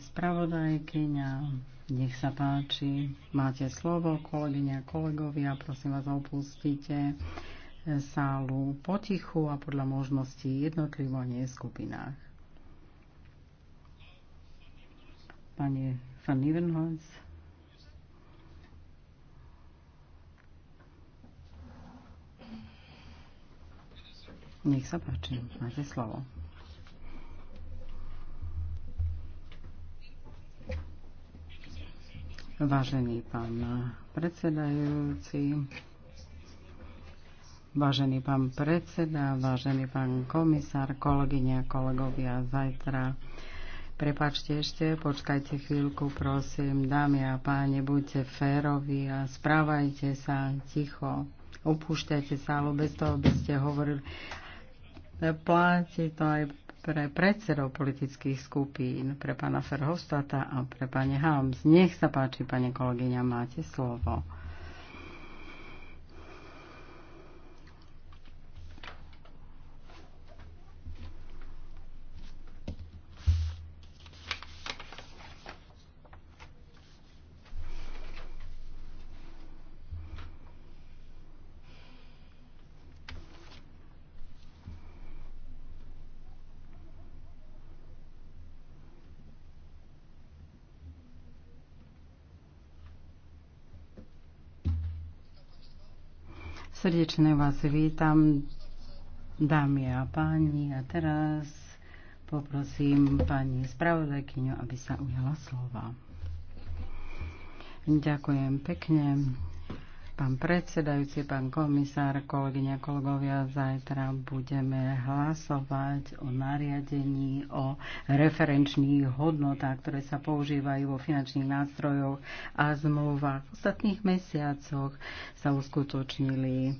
spravodajkyňa. Nech sa páči. Máte slovo, kolegyňa, kolegovia. Prosím vás, opustite sálu potichu a podľa možností jednotlivo nie v skupinách. Pani van Nivenholz. Nech sa páči, máte slovo. Vážený pán predsedajúci, vážený pán predseda, vážený pán komisár, kolegyňa, kolegovia, zajtra Prepačte ešte, počkajte chvíľku, prosím, dámy a páni, buďte férovi a správajte sa ticho. Opúšťajte sa, alebo bez toho by ste hovorili. Platí to aj pre predsedov politických skupín, pre pána Ferhovstata a pre pani Hams. Nech sa páči, pani kolegyňa, máte slovo. Srdečne vás vítam, dámy a páni. A teraz poprosím pani spravodajkyňu, aby sa ujala slova. Ďakujem pekne. Pán predsedajúci, pán komisár, kolegyňa, kolegovia, zajtra budeme hlasovať o nariadení o referenčných hodnotách, ktoré sa používajú vo finančných nástrojoch a zmluvách. V ostatných mesiacoch sa uskutočnili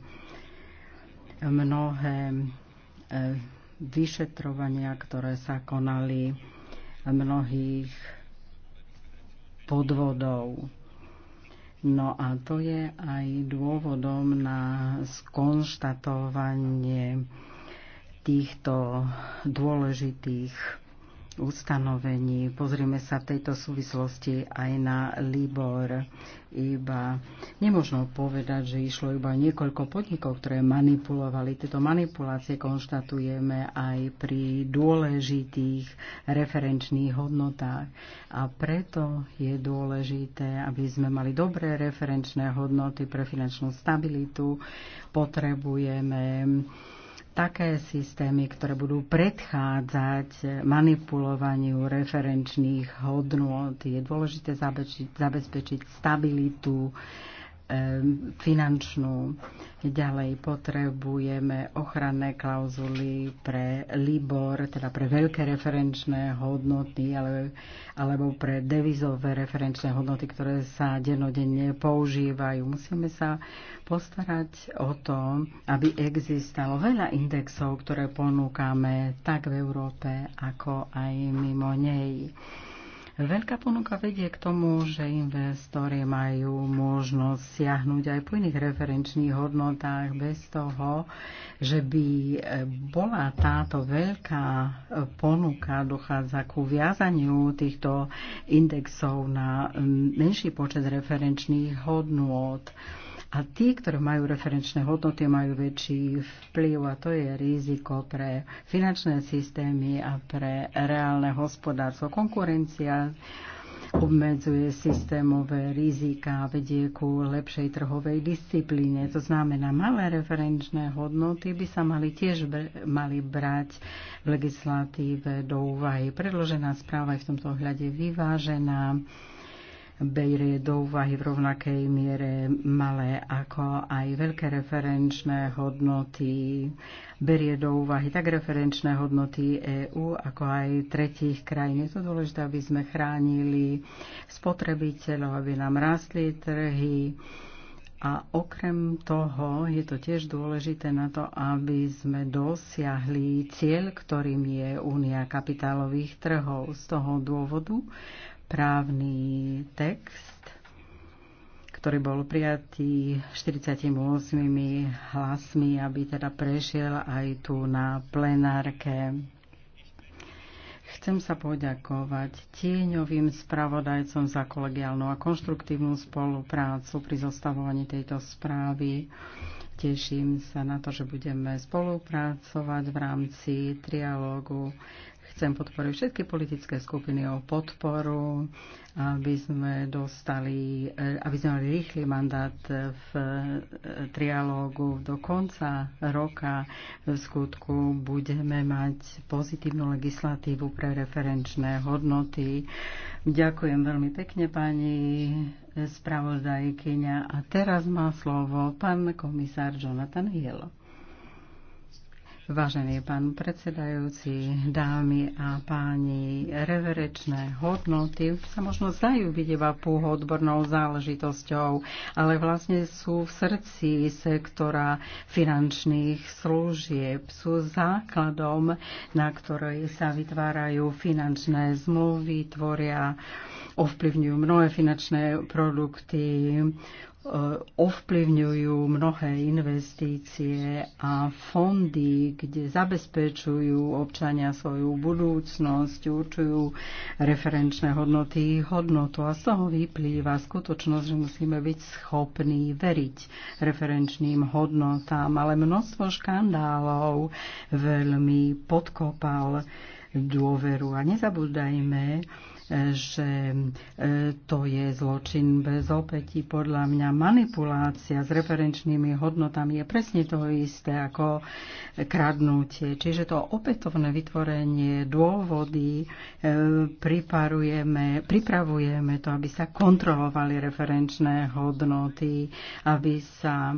mnohé eh, vyšetrovania, ktoré sa konali mnohých podvodov No a to je aj dôvodom na skonštatovanie týchto dôležitých ustanovení. Pozrime sa v tejto súvislosti aj na Libor. Iba nemožno povedať, že išlo iba niekoľko podnikov, ktoré manipulovali. Tieto manipulácie konštatujeme aj pri dôležitých referenčných hodnotách. A preto je dôležité, aby sme mali dobré referenčné hodnoty pre finančnú stabilitu. Potrebujeme také systémy, ktoré budú predchádzať manipulovaniu referenčných hodnôt. Je dôležité zabezpečiť, zabezpečiť stabilitu finančnú. Ďalej potrebujeme ochranné klauzuly pre LIBOR, teda pre veľké referenčné hodnoty ale, alebo pre devizové referenčné hodnoty, ktoré sa denodenne používajú. Musíme sa postarať o to, aby existalo veľa indexov, ktoré ponúkame tak v Európe, ako aj mimo nej. Veľká ponuka vedie k tomu, že investori majú možnosť siahnuť aj po iných referenčných hodnotách bez toho, že by eh, bola táto veľká eh, ponuka, dochádza ku viazaniu týchto indexov na mm, menší počet referenčných hodnot. A tí, ktoré majú referenčné hodnoty, majú väčší vplyv a to je riziko pre finančné systémy a pre reálne hospodárstvo. Konkurencia obmedzuje systémové rizika a vedie ku lepšej trhovej disciplíne. To znamená, malé referenčné hodnoty by sa mali tiež mali brať v legislatíve do úvahy. Predložená správa je v tomto ohľade vyvážená berie do úvahy v rovnakej miere malé ako aj veľké referenčné hodnoty. Berie do úvahy tak referenčné hodnoty EÚ ako aj tretích krajín. Je to dôležité, aby sme chránili spotrebiteľov, aby nám rastli trhy, a okrem toho je to tiež dôležité na to, aby sme dosiahli cieľ, ktorým je únia kapitálových trhov. Z toho dôvodu právny text, ktorý bol prijatý 48 hlasmi, aby teda prešiel aj tu na plenárke. Chcem sa poďakovať tieňovým spravodajcom za kolegiálnu a konštruktívnu spoluprácu pri zostavovaní tejto správy. Teším sa na to, že budeme spolupracovať v rámci trialógu Chcem podporiť všetky politické skupiny o podporu, aby sme dostali, aby sme mali rýchly mandát v trialógu do konca roka. V skutku budeme mať pozitívnu legislatívu pre referenčné hodnoty. Ďakujem veľmi pekne, pani spravodajkyňa. A teraz má slovo pán komisár Jonathan Hill. Vážený pán predsedajúci, dámy a páni, reverečné hodnoty sa možno zdajú byť iba odbornou záležitosťou, ale vlastne sú v srdci sektora finančných služieb, sú základom, na ktorej sa vytvárajú finančné zmluvy, tvoria ovplyvňujú mnohé finančné produkty, ovplyvňujú mnohé investície a fondy, kde zabezpečujú občania svoju budúcnosť, určujú referenčné hodnoty hodnotu a z toho vyplýva skutočnosť, že musíme byť schopní veriť referenčným hodnotám, ale množstvo škandálov veľmi podkopal dôveru. A nezabúdajme, že e, to je zločin bez opäti. Podľa mňa manipulácia s referenčnými hodnotami je presne to isté ako kradnutie. Čiže to opätovné vytvorenie dôvody e, priparujeme, pripravujeme to, aby sa kontrolovali referenčné hodnoty, aby sa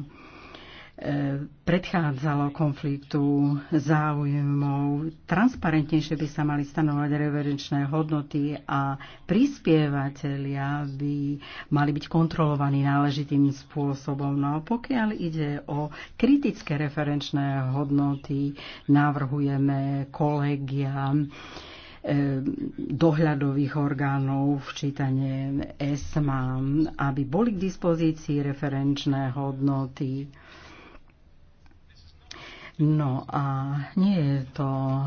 predchádzalo konfliktu záujmov. Transparentnejšie by sa mali stanovať reverenčné hodnoty a prispievateľia by mali byť kontrolovaní náležitým spôsobom. No a pokiaľ ide o kritické referenčné hodnoty, navrhujeme kolegia e, dohľadových orgánov, včítanie ESMA, aby boli k dispozícii referenčné hodnoty No a nie je to e,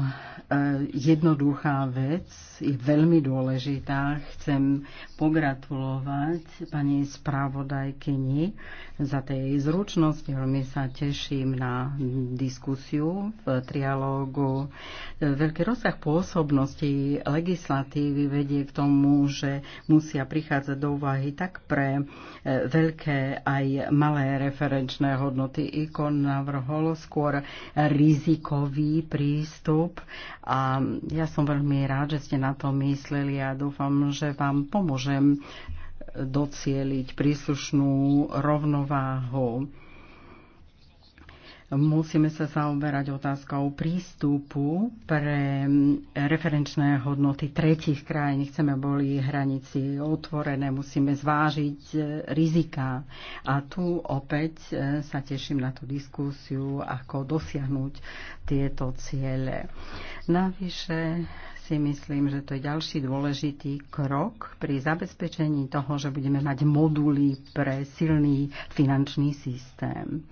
jednoduchá vec, je veľmi dôležitá. Chcem pogratulovať pani správodajkyni za tej zručnosti. Veľmi sa teším na diskusiu v trialógu. E, veľký rozsah pôsobnosti legislatívy vedie k tomu, že musia prichádzať do úvahy tak pre e, veľké aj malé referenčné hodnoty. Ikon navrhol skôr rizikový prístup a ja som veľmi rád, že ste na to mysleli a dúfam, že vám pomôžem docieliť príslušnú rovnováhu musíme sa zaoberať otázkou prístupu pre referenčné hodnoty tretich krajín. Chceme boli hranici otvorené, musíme zvážiť e, rizika. A tu opäť e, sa teším na tú diskusiu, ako dosiahnuť tieto ciele. Navyše si myslím, že to je ďalší dôležitý krok pri zabezpečení toho, že budeme mať moduly pre silný finančný systém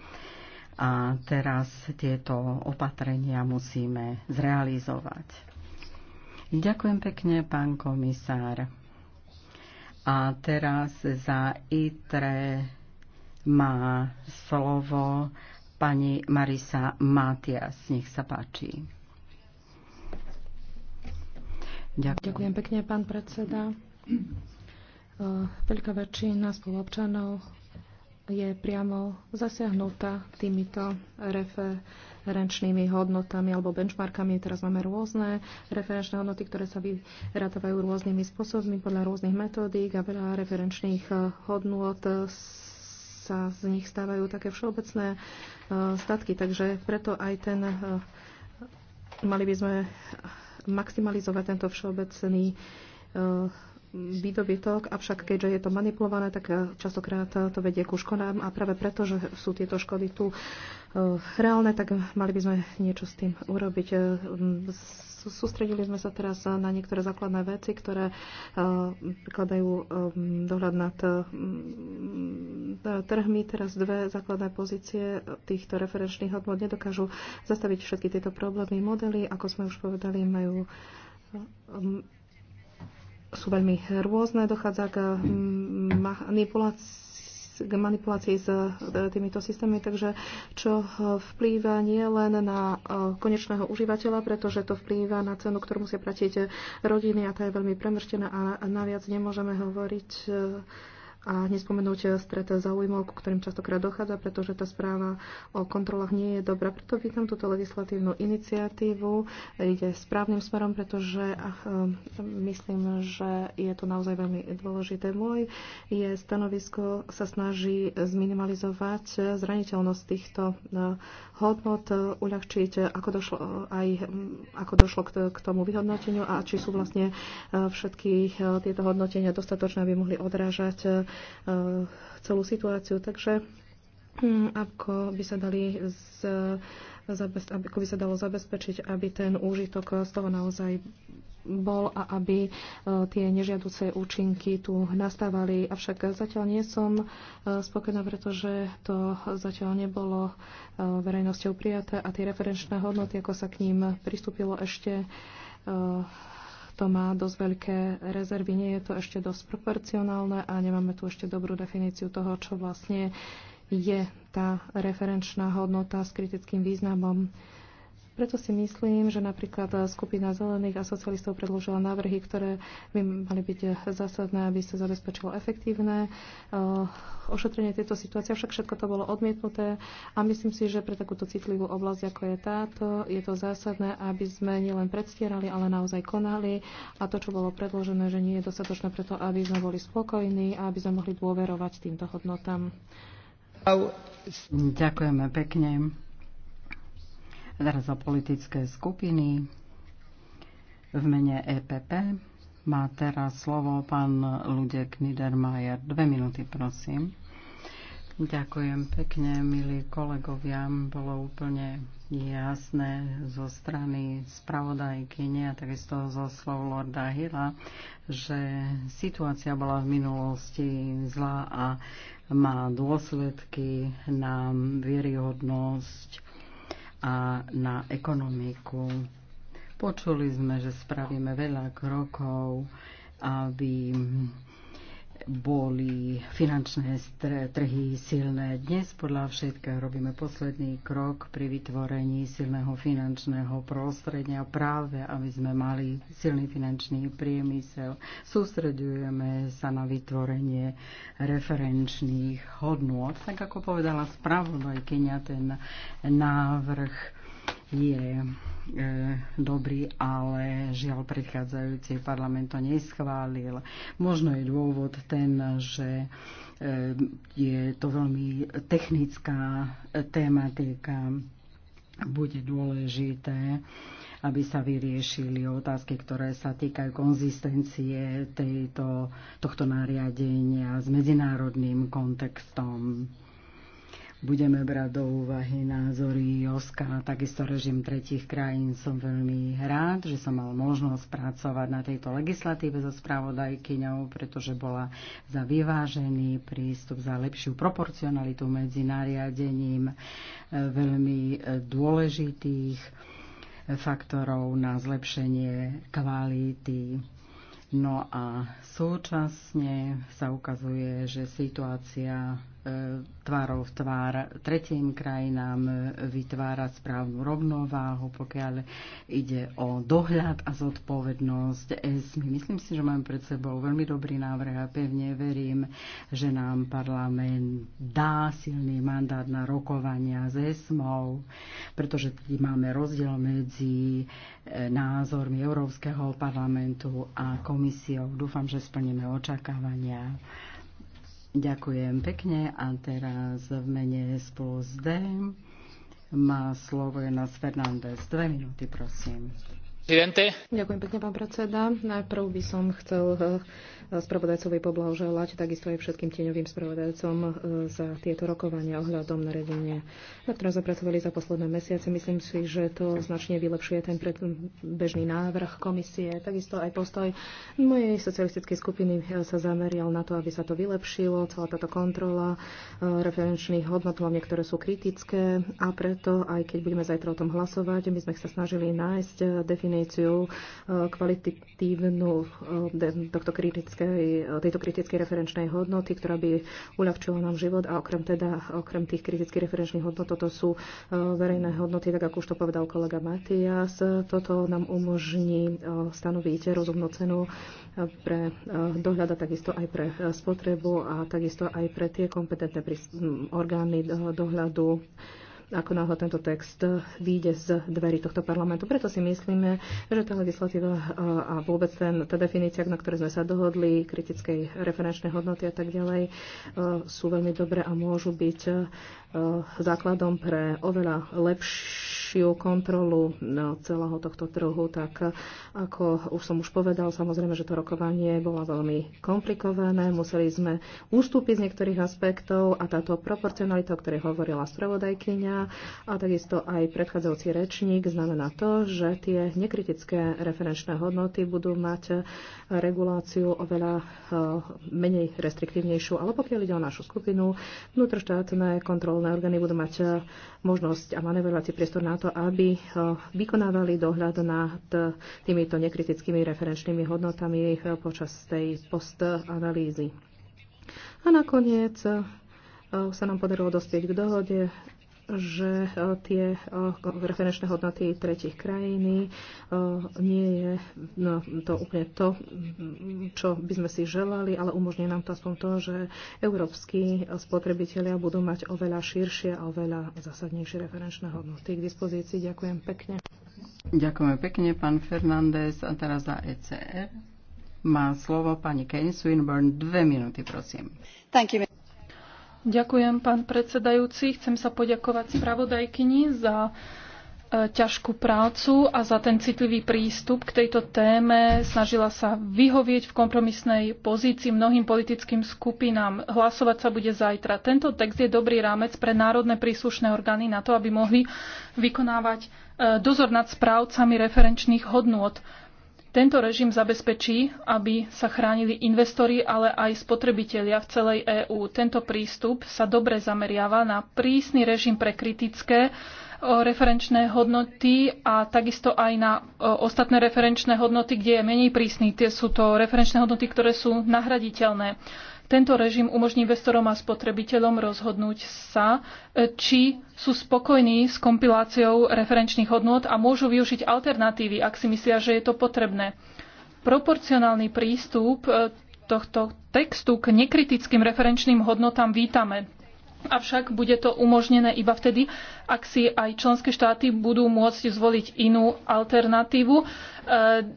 a teraz tieto opatrenia musíme zrealizovať. Ďakujem pekne, pán komisár. A teraz za ITRE má slovo pani Marisa Matias. Nech sa páči. Ďakujem, Ďakujem pekne, pán predseda. Veľká väčšina spoluobčanov je priamo zasiahnutá týmito referenčnými hodnotami alebo benchmarkami. Teraz máme rôzne referenčné hodnoty, ktoré sa vyratávajú rôznymi spôsobmi podľa rôznych metódík a veľa referenčných eh, hodnot eh, sa z nich stávajú také všeobecné eh, statky. Takže preto aj ten mali by sme maximalizovať tento všeobecný výdobytok, avšak keďže je to manipulované, tak eh, častokrát eh, to vedie ku škodám a práve preto, že sú tieto škody tu eh, reálne, tak mali by sme niečo s tým urobiť. Sústredili sme sa teraz na niektoré základné veci, ktoré prikladajú dohľad nad trhmi. Teraz dve základné pozície týchto referenčných hodnot nedokážu zastaviť všetky tieto problémy. Modely, ako sme už povedali, majú sú veľmi rôzne, dochádza k mm, manipulácii k manipulácii s e, týmito systémami, takže čo e, vplýva nie len na e, konečného užívateľa, pretože to vplýva na cenu, ktorú musia platiť rodiny a tá je veľmi premrštená a naviac nemôžeme hovoriť a nespomenúť eh, stret zaujímav, ku ktorým častokrát dochádza, pretože tá správa o kontrolách nie je dobrá. Preto vítam túto legislatívnu iniciatívu. Ide správnym smerom, pretože ach, eh, myslím, že je to naozaj veľmi dôležité. Môj je stanovisko sa snaží zminimalizovať eh, zraniteľnosť týchto hodnot, uľahčiť, ako došlo, aj, hm, ako došlo k tomu vyhodnoteniu a či sú vlastne všetky tieto hodnotenia dostatočné, aby mohli odrážať Eh, celú situáciu. Takže hm, ako by sa dali z, ako by sa dalo zabezpečiť, aby ten úžitok z toho naozaj bol a aby eh, tie nežiaduce účinky tu nastávali. Avšak zatiaľ nie som eh, spokojná, pretože to zatiaľ nebolo verejnosťou prijaté a tie referenčné hodnoty, ako sa k ním pristúpilo ešte to má dosť veľké rezervy. Nie je to ešte dosť proporcionálne a nemáme tu ešte dobrú definíciu toho, čo vlastne je tá referenčná hodnota s kritickým významom. Preto si myslím, že napríklad skupina zelených a socialistov predložila návrhy, ktoré by mali byť zásadné, aby sa zabezpečilo efektívne eh, ošetrenie tejto situácie. Však všetko to bolo odmietnuté a myslím si, že pre takúto citlivú oblasť, ako je táto, je to zásadné, aby sme nielen predstierali, ale naozaj konali a to, čo bolo predložené, že nie je dostatočné preto, aby sme boli spokojní a aby sme mohli dôverovať týmto hodnotám. Ďakujeme pekne. Teraz politické skupiny v mene EPP má teraz slovo pán Ludek Niedermayer. Dve minúty, prosím. Ďakujem pekne, milí kolegovia. Bolo úplne jasné zo strany spravodajkyne a takisto zo slov Lorda Hilla, že situácia bola v minulosti zlá a má dôsledky na vieryhodnosť a na ekonomiku. Počuli sme, že spravíme veľa krokov, aby boli finančné trhy silné. Dnes podľa všetkého robíme posledný krok pri vytvorení silného finančného prostredia práve, aby sme mali silný finančný priemysel. Sústredujeme sa na vytvorenie referenčných hodnôt. Tak ako povedala spravodajkynia, ten návrh je e, dobrý, ale žiaľ predchádzajúci parlament to neschválil. Možno je dôvod ten, že e, je to veľmi technická e, tematika. Bude dôležité, aby sa vyriešili otázky, ktoré sa týkajú konzistencie tejto, tohto nariadenia s medzinárodným kontextom budeme brať do úvahy názory Joska a takisto režim tretich krajín. Som veľmi rád, že som mal možnosť pracovať na tejto legislatíve so spravodajkyňou, pretože bola za vyvážený prístup, za lepšiu proporcionalitu medzi nariadením e, veľmi e, dôležitých e, faktorov na zlepšenie kvality No a súčasne sa ukazuje, že situácia E, tvárov tvár tretím krajinám, e, vytvárať správnu rovnováhu, pokiaľ ide o dohľad a zodpovednosť ESMI. Myslím si, že máme pred sebou veľmi dobrý návrh a pevne verím, že nám parlament dá silný mandát na rokovania s ESMov, pretože tu máme rozdiel medzi e, názormi Európskeho parlamentu a komisiou. Dúfam, že splníme očakávania Ďakujem pekne a teraz v mene spolu D má slovo Jonas Fernández. Dve minúty, prosím. Ďakujem pekne, pán predseda. Najprv by som chcel eh, spravodajcovi poblahoželať, takisto aj všetkým tieňovým spravodajcom eh, za tieto rokovania ohľadom nariadenia, na ktoré sme pracovali za posledné mesiace. Myslím si, že to značne vylepšuje ten bežný návrh komisie. Takisto aj postoj mojej socialistickej skupiny eh, sa zameril na to, aby sa to vylepšilo, celá táto kontrola referenčných hodnot, hlavne ktoré sú kritické a preto, aj keď budeme zajtra o tom hlasovať, my sme sa snažili nájsť definíciu definíciu e, kvalitatívnu e, tohto kritickej, e, tejto kritickej referenčnej hodnoty, ktorá by uľahčila nám život a okrem teda, okrem tých kritických referenčných hodnot, toto sú verejné hodnoty, tak ako už to povedal kolega Matias, toto nám umožní stanoviť rozumnú cenu pre dohľad a takisto aj pre spotrebu a takisto aj pre tie kompetentné orgány dohľadu ako náhle tento text výjde z dverí tohto parlamentu. Preto si myslíme, že tá legislatíva e, a vôbec ten, tá definícia, na ktorej sme sa dohodli, kritickej referenčnej hodnoty a tak ďalej, e, sú veľmi dobré a môžu byť e, základom pre oveľa lepšie lepšiu kontrolu no, celého tohto trhu, tak ako už som už povedal, samozrejme, že to rokovanie bolo veľmi komplikované, museli sme ustúpiť z niektorých aspektov a táto proporcionalita, o ktorej hovorila spravodajkyňa a takisto aj predchádzajúci rečník, znamená to, že tie nekritické referenčné hodnoty budú mať reguláciu oveľa e, menej restriktívnejšiu, ale pokiaľ ide o našu skupinu, vnútroštátne kontrolné orgány budú mať e, možnosť a manevrovací priestor na to, to, aby eh, vykonávali dohľad nad eh, týmito nekritickými referenčnými hodnotami eh, počas tej postanalýzy. A nakoniec sa nám podarilo dospieť k dohode že e, tie e, referenčné hodnoty tretich krajiny e, nie je no, to úplne to, čo by sme si želali, ale umožňuje nám to aspoň to, že európsky spotrebitelia budú mať oveľa širšie a oveľa zásadnejšie referenčné hodnoty k dispozícii. Ďakujem pekne. Ďakujeme pekne, pán Fernández. A teraz za ECR má slovo pani Kane Swinburne. Dve minúty, prosím. Thank you. Ďakujem, pán predsedajúci. Chcem sa poďakovať spravodajkyni za e, ťažkú prácu a za ten citlivý prístup k tejto téme. Snažila sa vyhovieť v kompromisnej pozícii mnohým politickým skupinám. Hlasovať sa bude zajtra. Tento text je dobrý rámec pre národné príslušné orgány na to, aby mohli vykonávať e, dozor nad správcami referenčných hodnôt. Tento režim zabezpečí, aby sa chránili investori, ale aj spotrebitelia v celej EÚ. Tento prístup sa dobre zameriava na prísny režim pre kritické e, referenčné hodnoty a takisto aj na e, ostatné referenčné hodnoty, kde je menej prísny. Tie sú to referenčné hodnoty, ktoré sú nahraditeľné. Tento režim umožní investorom a spotrebiteľom rozhodnúť sa, e, či sú spokojní s kompiláciou referenčných hodnôt a môžu využiť alternatívy, ak si myslia, že je to potrebné. Proporcionálny prístup e, tohto textu k nekritickým referenčným hodnotám vítame. Avšak bude to umožnené iba vtedy, ak si aj členské štáty budú môcť zvoliť inú alternatívu, e,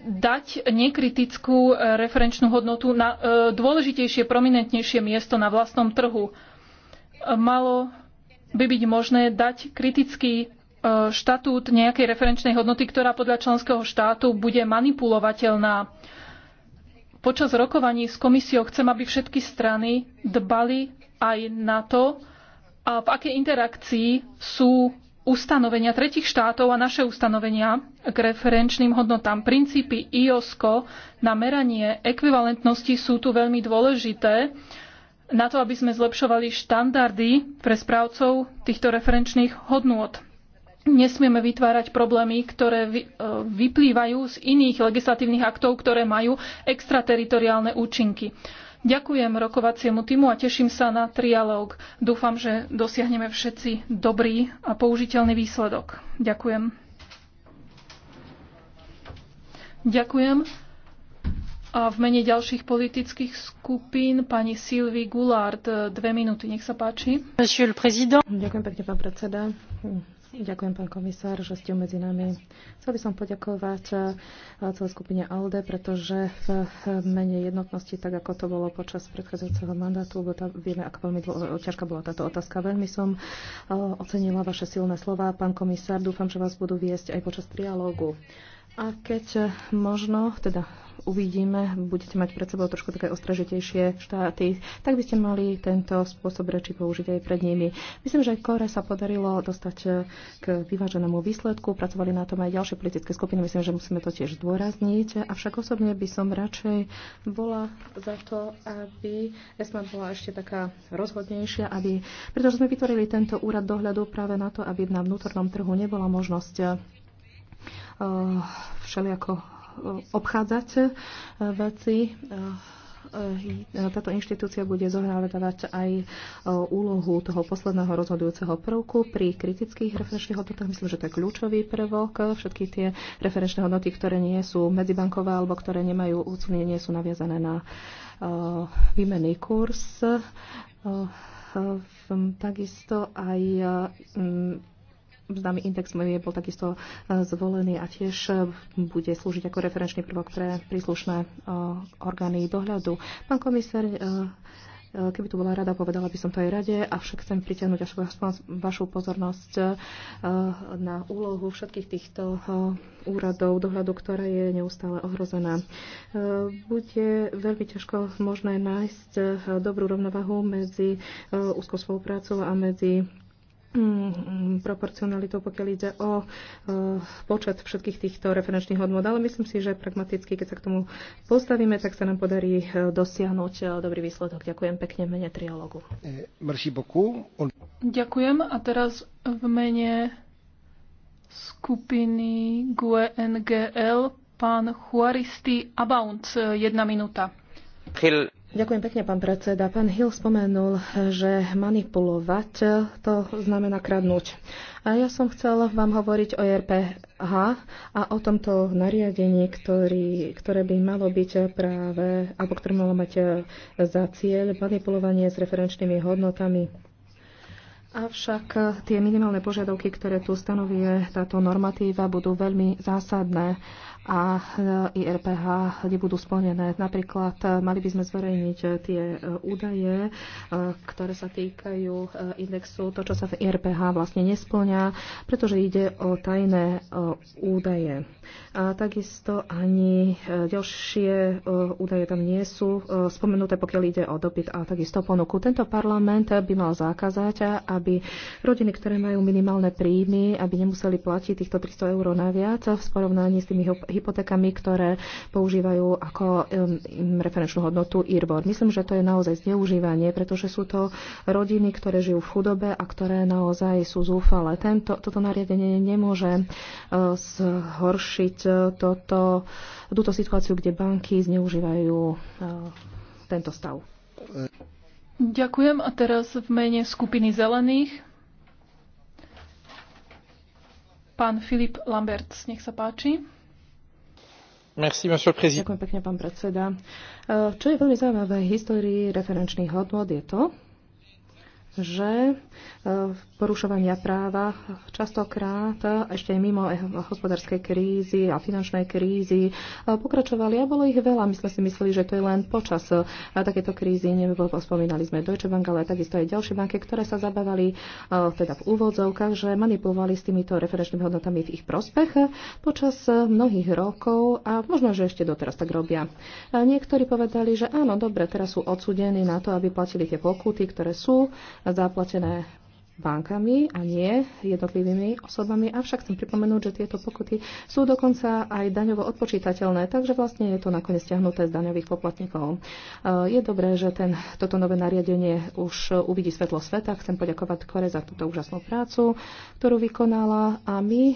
dať nekritickú e, referenčnú hodnotu na e, dôležitejšie, prominentnejšie miesto na vlastnom trhu. Malo by byť možné dať kritický štatút nejakej referenčnej hodnoty, ktorá podľa členského štátu bude manipulovateľná. Počas rokovaní s komisiou chcem, aby všetky strany dbali aj na to, a v akej interakcii sú ustanovenia tretich štátov a naše ustanovenia k referenčným hodnotám. Princípy IOSCO na meranie ekvivalentnosti sú tu veľmi dôležité na to, aby sme zlepšovali štandardy pre správcov týchto referenčných hodnôt. Nesmieme vytvárať problémy, ktoré e, vyplývajú z iných legislatívnych aktov, ktoré majú extrateritoriálne účinky. Ďakujem rokovaciemu týmu a teším sa na trialóg. Dúfam, že dosiahneme všetci dobrý a použiteľný výsledok. Ďakujem. Ďakujem. A v mene ďalších politických skupín pani Sylvie Goulard, dve minúty, nech sa páči. Ďakujem pekne, pán predseda. Ďakujem, pán komisár, že ste medzi nami. Chcel by som poďakovať eh, celé skupine ALDE, pretože v mene jednotnosti, tak ako to bolo počas predchádzajúceho mandátu, lebo tam vieme, ako veľmi dlho, eh, ťažká bola táto otázka. Veľmi som eh, ocenila vaše silné slova. Pán komisár, dúfam, že vás budú viesť aj počas trialógu. A keď možno, teda uvidíme, budete mať pred sebou trošku také ostražitejšie štáty, tak by ste mali tento spôsob reči použiť aj pred nimi. Myslím, že aj Kore sa podarilo dostať k vyváženému výsledku, pracovali na tom aj ďalšie politické skupiny, myslím, že musíme to tiež zdôrazniť. Avšak osobne by som radšej bola za to, aby ESMA bola ešte taká rozhodnejšia, aby, pretože sme vytvorili tento úrad dohľadu práve na to, aby na vnútornom trhu nebola možnosť Eh, všelijako eh, obchádzať eh, veci táto inštitúcia bude zohrávať aj úlohu toho posledného rozhodujúceho prvku pri kritických referenčných hodnotách. Myslím, že to je kľúčový prvok. Všetky tie referenčné hodnoty, ktoré nie sú medzibankové alebo ktoré nemajú úcvnie, nie sú naviazané na výmenný kurz. Takisto aj známy index je bol takisto e, zvolený a tiež e, bude slúžiť ako referenčný prvok pre príslušné e, orgány dohľadu. Pán komisár, keby tu bola rada, povedala by som to aj rade, avšak chcem pritiahnuť až vašu pozornosť na úlohu všetkých týchto úradov dohľadu, ktorá je neustále ohrozená. Bude veľmi ťažko možné nájsť dobrú rovnovahu medzi úzkou spoluprácou a medzi Mm, proporcionalitou, pokiaľ ide o e, počet všetkých týchto referenčných hodnot. Ale myslím si, že pragmaticky, keď sa k tomu postavíme, tak sa nám podarí e, dosiahnuť e, dobrý výsledok. Ďakujem pekne v mene triologu. Ďakujem a teraz v mene skupiny GUE NGL pán Juaristi Abaunt. jedna minúta. Ďakujem pekne, pán predseda. Pán Hill spomenul, že manipulovať to znamená kradnúť. A ja som chcel vám hovoriť o RPH a o tomto nariadení, ktorý, ktoré by malo byť práve, alebo ktoré malo mať za cieľ manipulovanie s referenčnými hodnotami Avšak tie minimálne požiadavky, ktoré tu stanovuje táto normatíva, budú veľmi zásadné a IRPH nebudú splnené. Napríklad eh, mali by sme zverejniť eh, tie eh, údaje, ktoré sa týkajú indexu, to, čo sa v IRPH vlastne nesplňa, pretože ide o tajné údaje. A takisto ani ďalšie údaje tam nie sú spomenuté, pokiaľ ide o dopyt a takisto ponuku. Tento parlament by mal zakázať, aby rodiny, ktoré majú minimálne príjmy, aby nemuseli platiť týchto 300 eur naviac v porovnaní s tými hypotékami, ktoré používajú ako referenčnú hodnotu IRBOR. Myslím, že to je naozaj zneužívanie, pretože sú to rodiny, ktoré žijú v chudobe a ktoré naozaj sú zúfale. Tento, toto nariadenie nemôže e, zhoršiť e, toto, túto situáciu, kde banky zneužívajú e, tento stav. Ďakujem a teraz v mene skupiny zelených pán Filip Lamberts, nech sa páči. Merci, Ďakujem pekne, pán predseda. Čo je veľmi zaujímavé v histórii referenčných hodnot je to, že e, porušovania práva častokrát ešte aj mimo e, hospodárskej krízy a finančnej krízy e, pokračovali a bolo ich veľa. My sme si mysleli, že to je len počas takéto krízy. Spomínali sme Deutsche Bank, ale takisto aj ďalšie banky, ktoré sa zabávali teda v úvodzovkách, že manipulovali s týmito referenčnými hodnotami v ich prospech počas mnohých rokov a možno, že ešte doteraz tak robia. Niektorí povedali, že áno, dobre, teraz sú odsudení na to, aby platili tie pokuty, ktoré sú zaplatené bankami a nie jednotlivými osobami. Avšak chcem pripomenúť, že tieto pokuty sú dokonca aj daňovo odpočítateľné, takže vlastne je to nakoniec ťahnuté z daňových poplatníkov. Eh, je dobré, že ten, toto nové nariadenie už uvidí svetlo sveta. Chcem poďakovať Kore za túto úžasnú prácu, ktorú vykonala a my eh,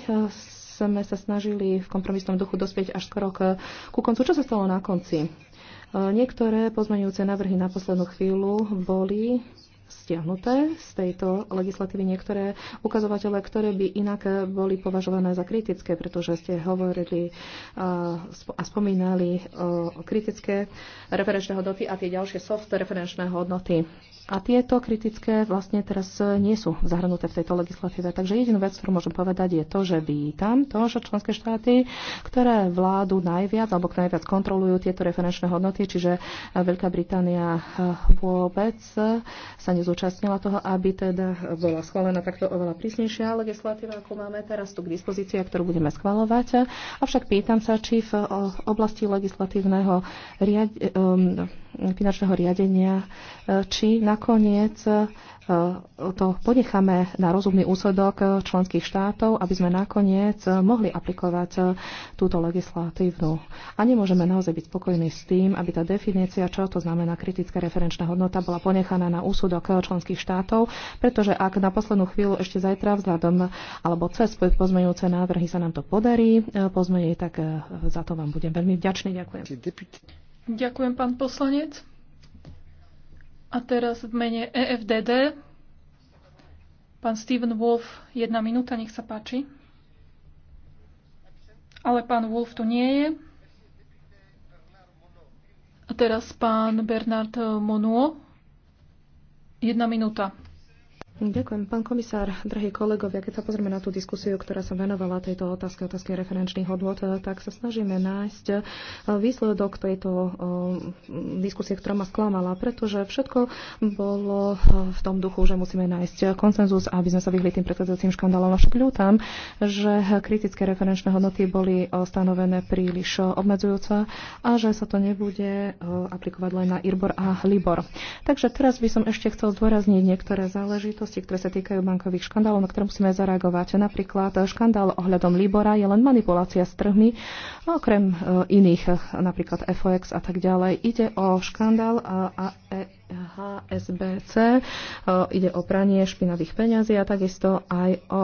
sme sa snažili v kompromisnom duchu dospieť až skoro k, ku koncu. Čo sa stalo na konci? Eh, niektoré pozmeňujúce návrhy na poslednú chvíľu boli stiahnuté z tejto legislatívy niektoré ukazovatele, ktoré by inak boli považované za kritické, pretože ste hovorili a spomínali o kritické referenčné hodnoty a tie ďalšie soft referenčné hodnoty. A tieto kritické vlastne teraz nie sú zahrnuté v tejto legislatíve. Takže jedinú vec, ktorú môžem povedať, je to, že vítam to, že členské štáty, ktoré vládu najviac alebo najviac kontrolujú tieto referenčné hodnoty, čiže Veľká Británia e, vôbec sa zúčastnila toho, aby teda bola schválená takto oveľa prísnejšia legislatíva, ako máme teraz tu k dispozícii, ktorú budeme schvalovať. Avšak pýtam sa, či v oblasti legislatívneho riad, um, finančného riadenia, e, či nakoniec e, to ponecháme na rozumný úsledok e, členských štátov, aby sme nakoniec mohli aplikovať túto legislatívnu. A nemôžeme naozaj byť spokojní s tým, aby tá definícia, čo to znamená kritická referenčná hodnota, bola ponechaná na úsudok členských štátov, pretože ak na poslednú chvíľu ešte zajtra vzhľadom alebo cez pozmeňujúce návrhy sa nám to podarí pozmeniť, tak za to vám budem veľmi vďačný. Ďakujem. Ďakujem, pán poslanec. A teraz v mene EFDD pán Steven Wolf, jedna minúta, nech sa páči. Ale pán Wolf tu nie je. A teraz pán Bernard Monuo, jedna minúta. Ďakujem, pán komisár, drahí kolegovia. Keď sa pozrieme na tú diskusiu, ktorá sa venovala tejto otázke, otázke referenčných hodnot, tak sa snažíme nájsť výsledok tejto diskusie, ktorá ma sklamala, pretože všetko bolo v tom duchu, že musíme nájsť konsenzus, aby sme sa vyhli tým predchádzajúcim škandálom. Až kľútam, že kritické referenčné hodnoty boli stanovené príliš obmedzujúce a že sa to nebude aplikovať len na IRBOR a LIBOR. Takže teraz by som ešte chcel zdôrazniť niektoré záležitosti udalosti, ktoré sa týkajú bankových škandálov, na ktoré musíme zareagovať. Napríklad škandál ohľadom Libora je len manipulácia s trhmi, okrem e, iných, e, napríklad FOX a tak ďalej. Ide o škandál a, e, a e, HSBC. E, ide o pranie špinavých peňazí a takisto aj o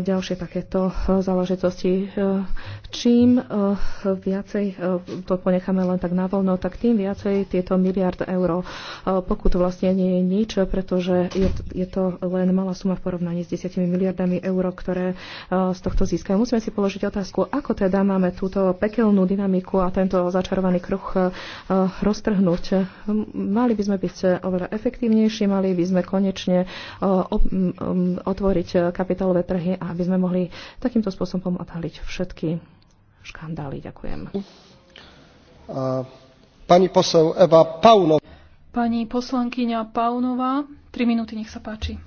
ďalšie takéto záležitosti. E, čím e, viacej to ponecháme len tak na voľno, tak tým viacej tieto miliard eur pokud vlastne nie je nič, pretože je, je to len malá suma v porovnaní s desiatimi miliardami eur, ktoré z tohto získajú. Musíme si položiť otázku, ako teda máme túto pekelnú dynamiku a tento začarovaný kruh roztrhnúť. Mali Mali by sme byť eh, oveľa efektívnejší, mali by sme konečne eh, otvoriť eh, kapitálové trhy, aby sme mohli takýmto spôsobom odhaliť všetky škandály. Ďakujem. Pani posel Eva Paunová. Pani poslankyňa Paunová, tri minúty, nech sa páči.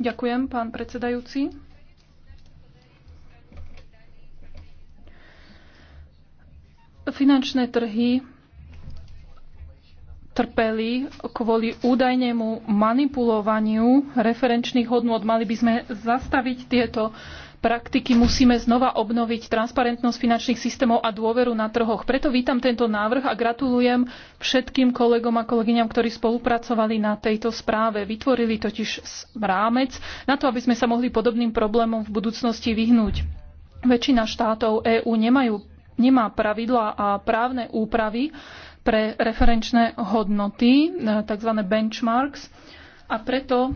Ďakujem, pán predsedajúci. Finančné trhy trpeli kvôli údajnému manipulovaniu referenčných hodnôt. Mali by sme zastaviť tieto praktiky, musíme znova obnoviť transparentnosť finančných systémov a dôveru na trhoch. Preto vítam tento návrh a gratulujem všetkým kolegom a kolegyňam, ktorí spolupracovali na tejto správe. Vytvorili totiž rámec na to, aby sme sa mohli podobným problémom v budúcnosti vyhnúť. Väčšina štátov EÚ nemajú nemá pravidlá a právne úpravy, pre referenčné hodnoty, e, tzv. benchmarks. A preto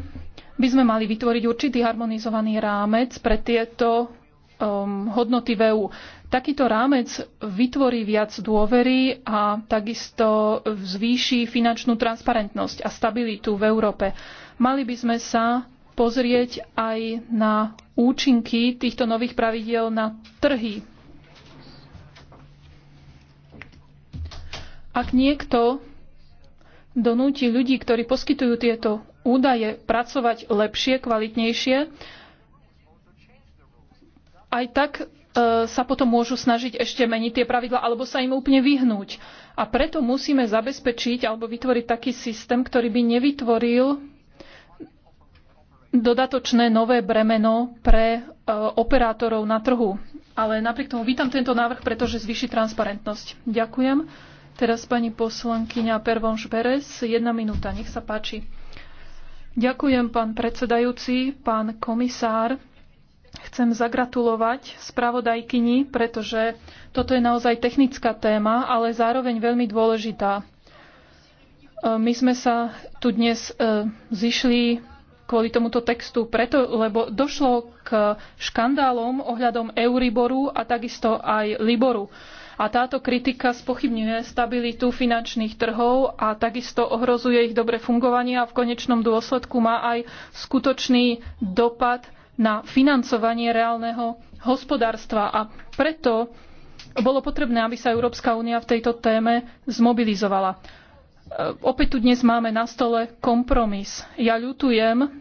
by sme mali vytvoriť určitý harmonizovaný rámec pre tieto um, hodnoty v EU. Takýto rámec vytvorí viac dôvery a takisto zvýši finančnú transparentnosť a stabilitu v Európe. Mali by sme sa pozrieť aj na účinky týchto nových pravidiel na trhy Ak niekto donúti ľudí, ktorí poskytujú tieto údaje, pracovať lepšie, kvalitnejšie, aj tak e, sa potom môžu snažiť ešte meniť tie pravidla alebo sa im úplne vyhnúť. A preto musíme zabezpečiť alebo vytvoriť taký systém, ktorý by nevytvoril dodatočné nové bremeno pre e, operátorov na trhu. Ale napriek tomu vítam tento návrh, pretože zvýši transparentnosť. Ďakujem. Teraz pani poslankyňa Pervonš Beres, jedna minúta, nech sa páči. Ďakujem, pán predsedajúci, pán komisár. Chcem zagratulovať spravodajkyni, pretože toto je naozaj technická téma, ale zároveň veľmi dôležitá. E, my sme sa tu dnes e, zišli kvôli tomuto textu, preto, lebo došlo k škandálom ohľadom Euriboru a takisto aj Liboru. A táto kritika spochybňuje stabilitu finančných trhov a takisto ohrozuje ich dobre fungovanie a v konečnom dôsledku má aj skutočný dopad na financovanie reálneho hospodárstva. A preto bolo potrebné, aby sa Európska únia v tejto téme zmobilizovala. E, opäť tu dnes máme na stole kompromis. Ja ľutujem,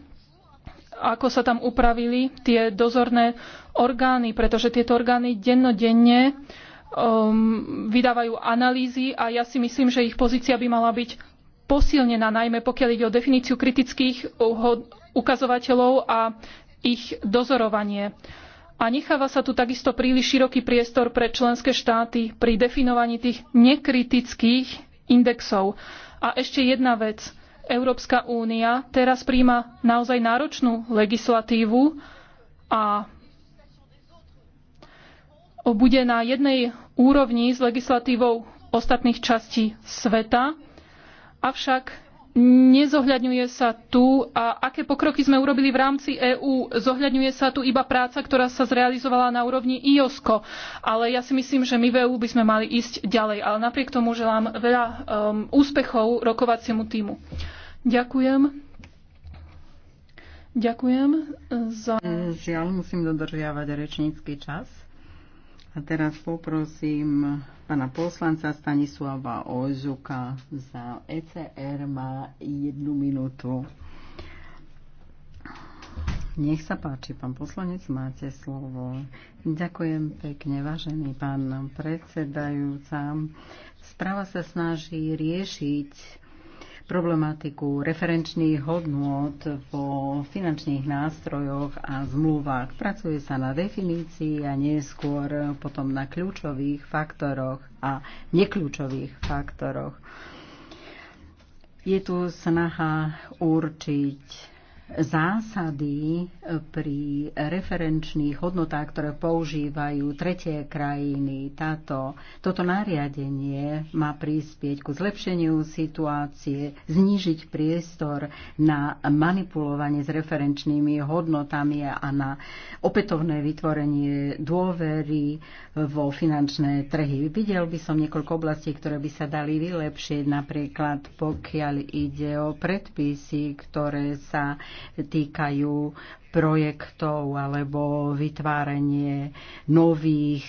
ako sa tam upravili tie dozorné orgány, pretože tieto orgány dennodenne um, vydávajú analýzy a ja si myslím, že ich pozícia by mala byť posilnená, najmä pokiaľ ide o definíciu kritických ukazovateľov a ich dozorovanie. A necháva sa tu takisto príliš široký priestor pre členské štáty pri definovaní tých nekritických indexov. A ešte jedna vec. Európska únia teraz príjma naozaj náročnú legislatívu a bude na jednej úrovni s legislatívou ostatných častí sveta, avšak nezohľadňuje sa tu, a aké pokroky sme urobili v rámci EÚ, zohľadňuje sa tu iba práca, ktorá sa zrealizovala na úrovni IOSCO. Ale ja si myslím, že my v EÚ by sme mali ísť ďalej. Ale napriek tomu želám veľa um, úspechov rokovaciemu týmu. Ďakujem. Ďakujem za... Žiaľ, musím dodržiavať rečnícky čas. A teraz poprosím pana poslanca Stanislava Ožuka za ECR má jednu minútu. Nech sa páči, pán poslanec, máte slovo. Ďakujem pekne, vážený pán predsedajúca. Správa sa snaží riešiť problematiku referenčných hodnôt vo finančných nástrojoch a zmluvách. Pracuje sa na definícii a neskôr potom na kľúčových faktoroch a nekľúčových faktoroch. Je tu snaha určiť zásady e, pri referenčných hodnotách, ktoré používajú tretie krajiny. Táto, toto nariadenie má prispieť ku zlepšeniu situácie, znížiť priestor na manipulovanie s referenčnými hodnotami a na opätovné vytvorenie dôvery vo finančné trhy. Videl by som niekoľko oblastí, ktoré by sa dali vylepšiť, napríklad pokiaľ ide o predpisy, ktoré sa týkajú projektov alebo vytváranie nových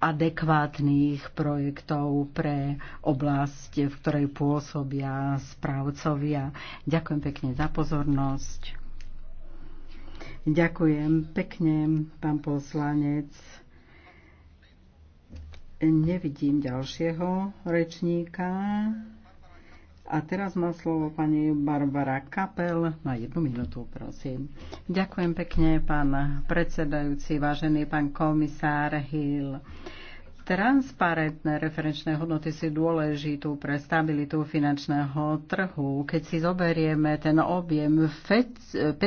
adekvátnych projektov pre oblasť, v ktorej pôsobia správcovia. Ďakujem pekne za pozornosť. Ďakujem pekne, pán poslanec. Nevidím ďalšieho rečníka. A teraz má slovo pani Barbara Kapel na jednu minútu, prosím. Ďakujem pekne, pán predsedajúci, vážený pán komisár Hill. Transparentné referenčné hodnoty sú dôležitú pre stabilitu finančného trhu. Keď si zoberieme ten objem 500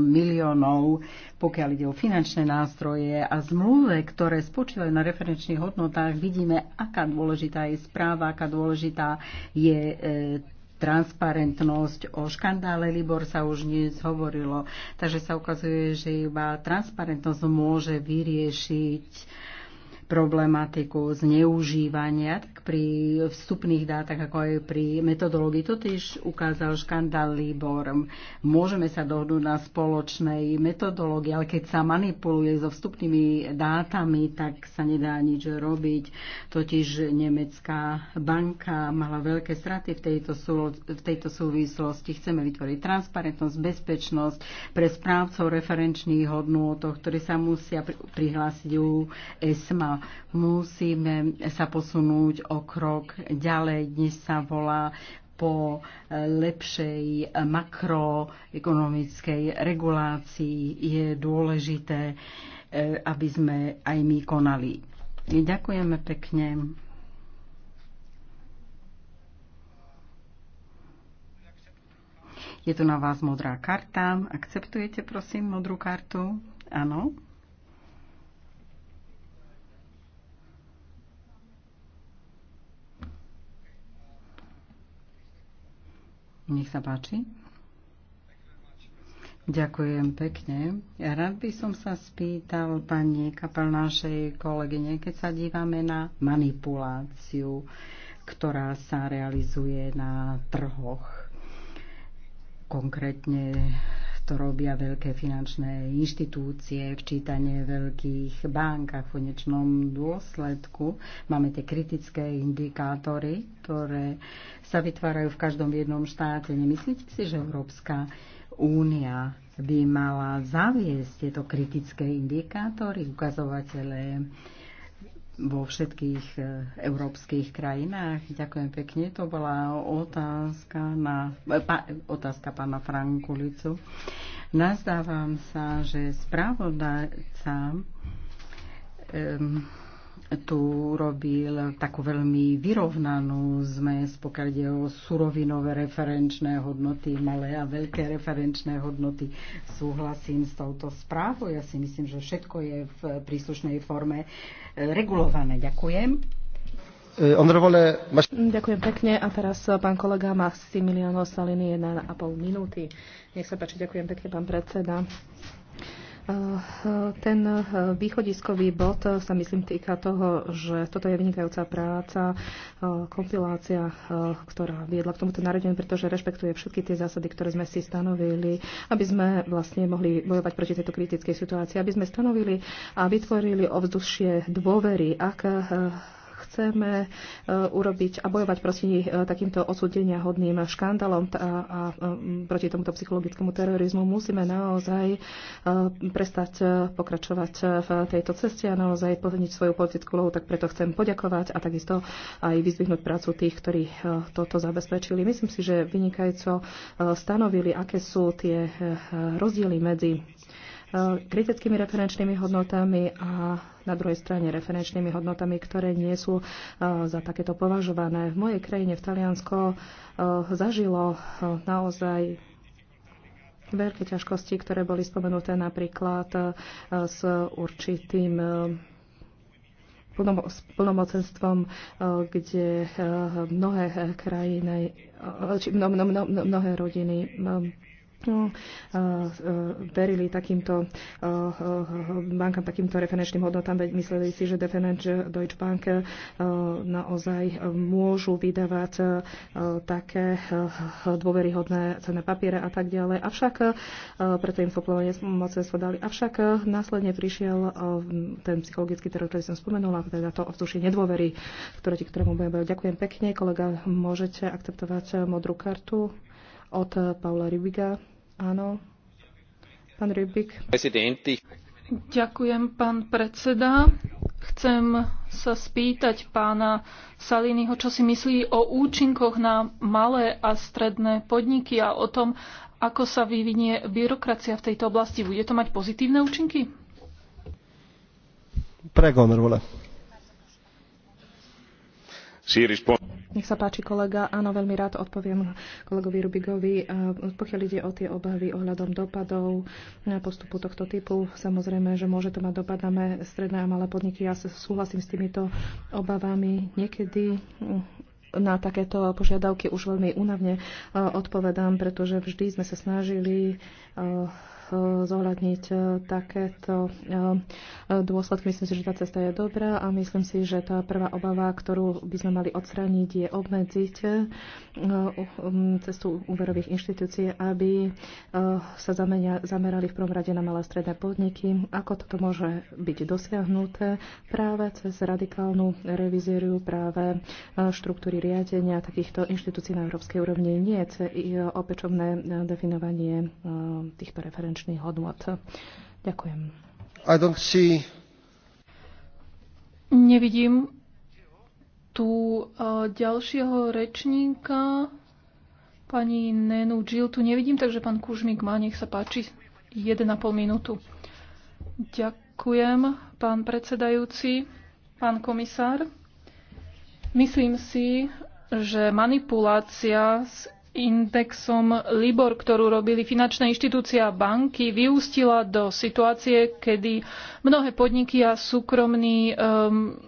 miliónov, pokiaľ ide o finančné nástroje a zmluve, ktoré spočívajú na referenčných hodnotách, vidíme, aká dôležitá je správa, aká dôležitá je e, transparentnosť. O škandále Libor sa už dnes hovorilo, takže sa ukazuje, že iba transparentnosť môže vyriešiť problematiku zneužívania, tak pri vstupných dátach, ako aj pri metodológii. To tiež ukázal škandál Libor. Môžeme sa dohodnúť na spoločnej metodológii, ale keď sa manipuluje so vstupnými dátami, tak sa nedá nič robiť. Totiž nemecká banka mala veľké straty v tejto, sú, v tejto súvislosti. Chceme vytvoriť transparentnosť, bezpečnosť pre správcov referenčných hodnôt, ktorí sa musia prihlásiť u ESMA musíme sa posunúť o krok ďalej. Dnes sa volá po e, lepšej makroekonomickej regulácii je dôležité, e, aby sme aj my konali. Ďakujeme pekne. Je tu na vás modrá karta. Akceptujete, prosím, modrú kartu? Áno. Nech sa páči. Ďakujem pekne. Rád by som sa spýtal pani kapel našej kolegyne, keď sa dívame na manipuláciu, ktorá sa realizuje na trhoch konkrétne to robia veľké finančné inštitúcie, včítanie veľkých bank a v konečnom dôsledku máme tie kritické indikátory, ktoré sa vytvárajú v každom jednom štáte. Nemyslíte si, že Európska únia by mala zaviesť tieto kritické indikátory, ukazovatele vo všetkých e, európskych krajinách. Ďakujem pekne. To bola otázka, na, e, pa, otázka pána Frankulicu. Nazdávam sa, že spravodajca um, tu robil takú veľmi vyrovnanú zmes, pokiaľ ide o surovinové referenčné hodnoty, malé a veľké referenčné hodnoty. Súhlasím s touto správou. Ja si myslím, že všetko je v príslušnej forme e, regulované. Ďakujem. E, ďakujem pekne. A teraz pán kolega má Massimiliano Salini, 1,5 minúty. Nech sa páči, ďakujem pekne, pán predseda. Ten východiskový bod sa myslím týka toho, že toto je vynikajúca práca, kompilácia, ktorá viedla k tomuto narodeniu, pretože rešpektuje všetky tie zásady, ktoré sme si stanovili, aby sme vlastne mohli bojovať proti tejto kritickej situácii, aby sme stanovili a vytvorili ovzdušie dôvery, ak chceme e, urobiť a bojovať proti e, takýmto odsúdenia hodným škandalom a proti tomuto psychologickému terorizmu, musíme naozaj e, prestať pokračovať v tejto ceste a naozaj plniť svoju politickú lohu, tak preto chcem poďakovať a takisto aj vyzvihnúť prácu tých, ktorí toto zabezpečili. Myslím si, že vynikajúco stanovili, aké sú tie rozdiely medzi kritickými referenčnými hodnotami a na druhej strane referenčnými hodnotami, ktoré nie sú e, za takéto považované. V mojej krajine, v Taliansko, e, zažilo e, naozaj veľké ťažkosti, ktoré boli spomenuté napríklad s určitým s plnomocenstvom, kde mnohé krajiny, či mnohé rodiny No, e, e, verili takýmto e, bankám, takýmto referenčným hodnotám, veď mysleli si, že Defenage Deutsche Bank naozaj môžu vydávať také dôveryhodné cenné papiere a tak ďalej. Avšak preto im poplovanie mocenstvo dali. Avšak následne prišiel ten psychologický teror, ktorý som spomenula, teda to ovzdušie nedôvery, ktoré ti ktorému budem Ďakujem pekne. Kolega, môžete akceptovať modrú kartu? od eh, Paula Rybiga. Áno. Pán Rybik. Ďakujem, pán predseda. Chcem sa spýtať pána Saliniho, čo si myslí o účinkoch na malé a stredné podniky a o tom, ako sa vyvinie byrokracia v tejto oblasti. Bude to mať pozitívne účinky? Prego, vole. Nech sa páči kolega, áno, veľmi rád odpoviem kolegovi Rubigovi. Pokiaľ ide o tie obavy ohľadom dopadov na postupu tohto typu, samozrejme, že môže to mať dopad na stredné a malé podniky. Ja sa súhlasím s týmito obavami. Niekedy mm, na takéto požiadavky už veľmi únavne odpovedám, pretože vždy sme sa snažili zohľadniť e, takéto e, e, dôsledky. Myslím si, že tá cesta je dobrá a myslím si, že tá prvá obava, ktorú by sme mali odstrániť, je obmedziť cestu úverových inštitúcií, aby sa zamerali v prvom rade na malé stredné podniky. Ako toto môže byť dosiahnuté? Práve cez radikálnu revíziu práve štruktúry riadenia takýchto inštitúcií na európskej úrovni. Nie je opečovné definovanie týchto referenčných referenčných hodnot. Ďakujem. I don't see... Nevidím tu uh, ďalšieho rečníka. Pani Nenu Jill tu nevidím, takže pán Kužmík má, nech sa páči, 1,5 minútu. Ďakujem, pán predsedajúci, pán komisár. Myslím si, že manipulácia s indexom Libor, ktorú robili finančné inštitúcie a banky, vyústila do situácie, kedy mnohé podniky a súkromní um,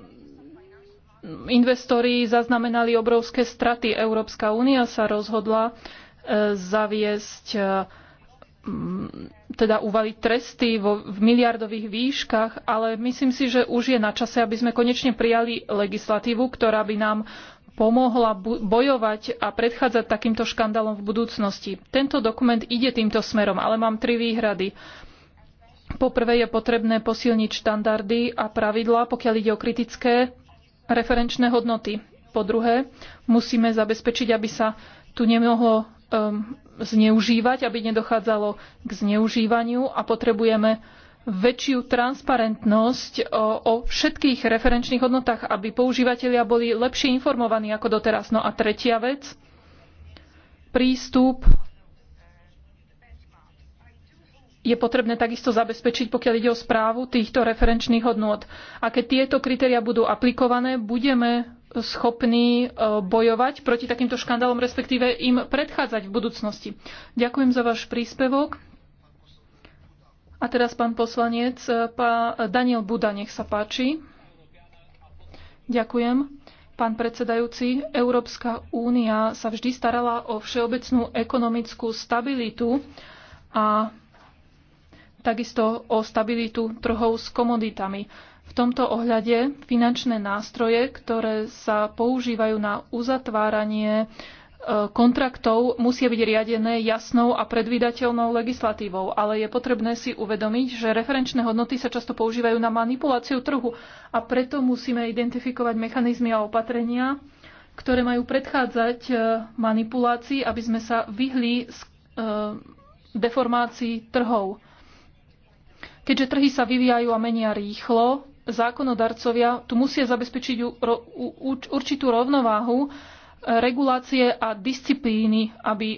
investori zaznamenali obrovské straty. Európska únia sa rozhodla uh, zaviesť uh, teda uvaliť tresty vo, v miliardových výškach, ale myslím si, že už je na čase, aby sme konečne prijali legislatívu, ktorá by nám pomohla bojovať a predchádzať takýmto škandálom v budúcnosti. Tento dokument ide týmto smerom, ale mám tri výhrady. Poprvé je potrebné posilniť štandardy a pravidlá, pokiaľ ide o kritické referenčné hodnoty. Po druhé, musíme zabezpečiť, aby sa tu nemohlo um, zneužívať, aby nedochádzalo k zneužívaniu a potrebujeme väčšiu transparentnosť o, e, o všetkých referenčných hodnotách, aby používateľia boli lepšie informovaní ako doteraz. No a tretia vec, prístup je potrebné takisto zabezpečiť, pokiaľ ide o správu týchto referenčných hodnôt. A keď tieto kritéria budú aplikované, budeme schopní e, bojovať proti takýmto škandálom, respektíve im predchádzať v budúcnosti. Ďakujem za váš príspevok. A teraz pán poslanec, eh, pán Daniel Buda, nech sa páči. Ďakujem. Pán predsedajúci, Európska únia sa vždy starala o všeobecnú ekonomickú stabilitu a takisto o stabilitu trhov s komoditami. V tomto ohľade finančné nástroje, ktoré sa používajú na uzatváranie E, kontraktov musia byť riadené jasnou a predvídateľnou legislatívou, ale je potrebné si uvedomiť, že referenčné hodnoty sa často používajú na manipuláciu trhu a preto musíme identifikovať mechanizmy a opatrenia, ktoré majú predchádzať e, manipulácii, aby sme sa vyhli z e, deformácii trhov. Keďže trhy sa vyvíjajú a menia rýchlo, zákonodarcovia tu musia zabezpečiť určitú rovnováhu regulácie a disciplíny, aby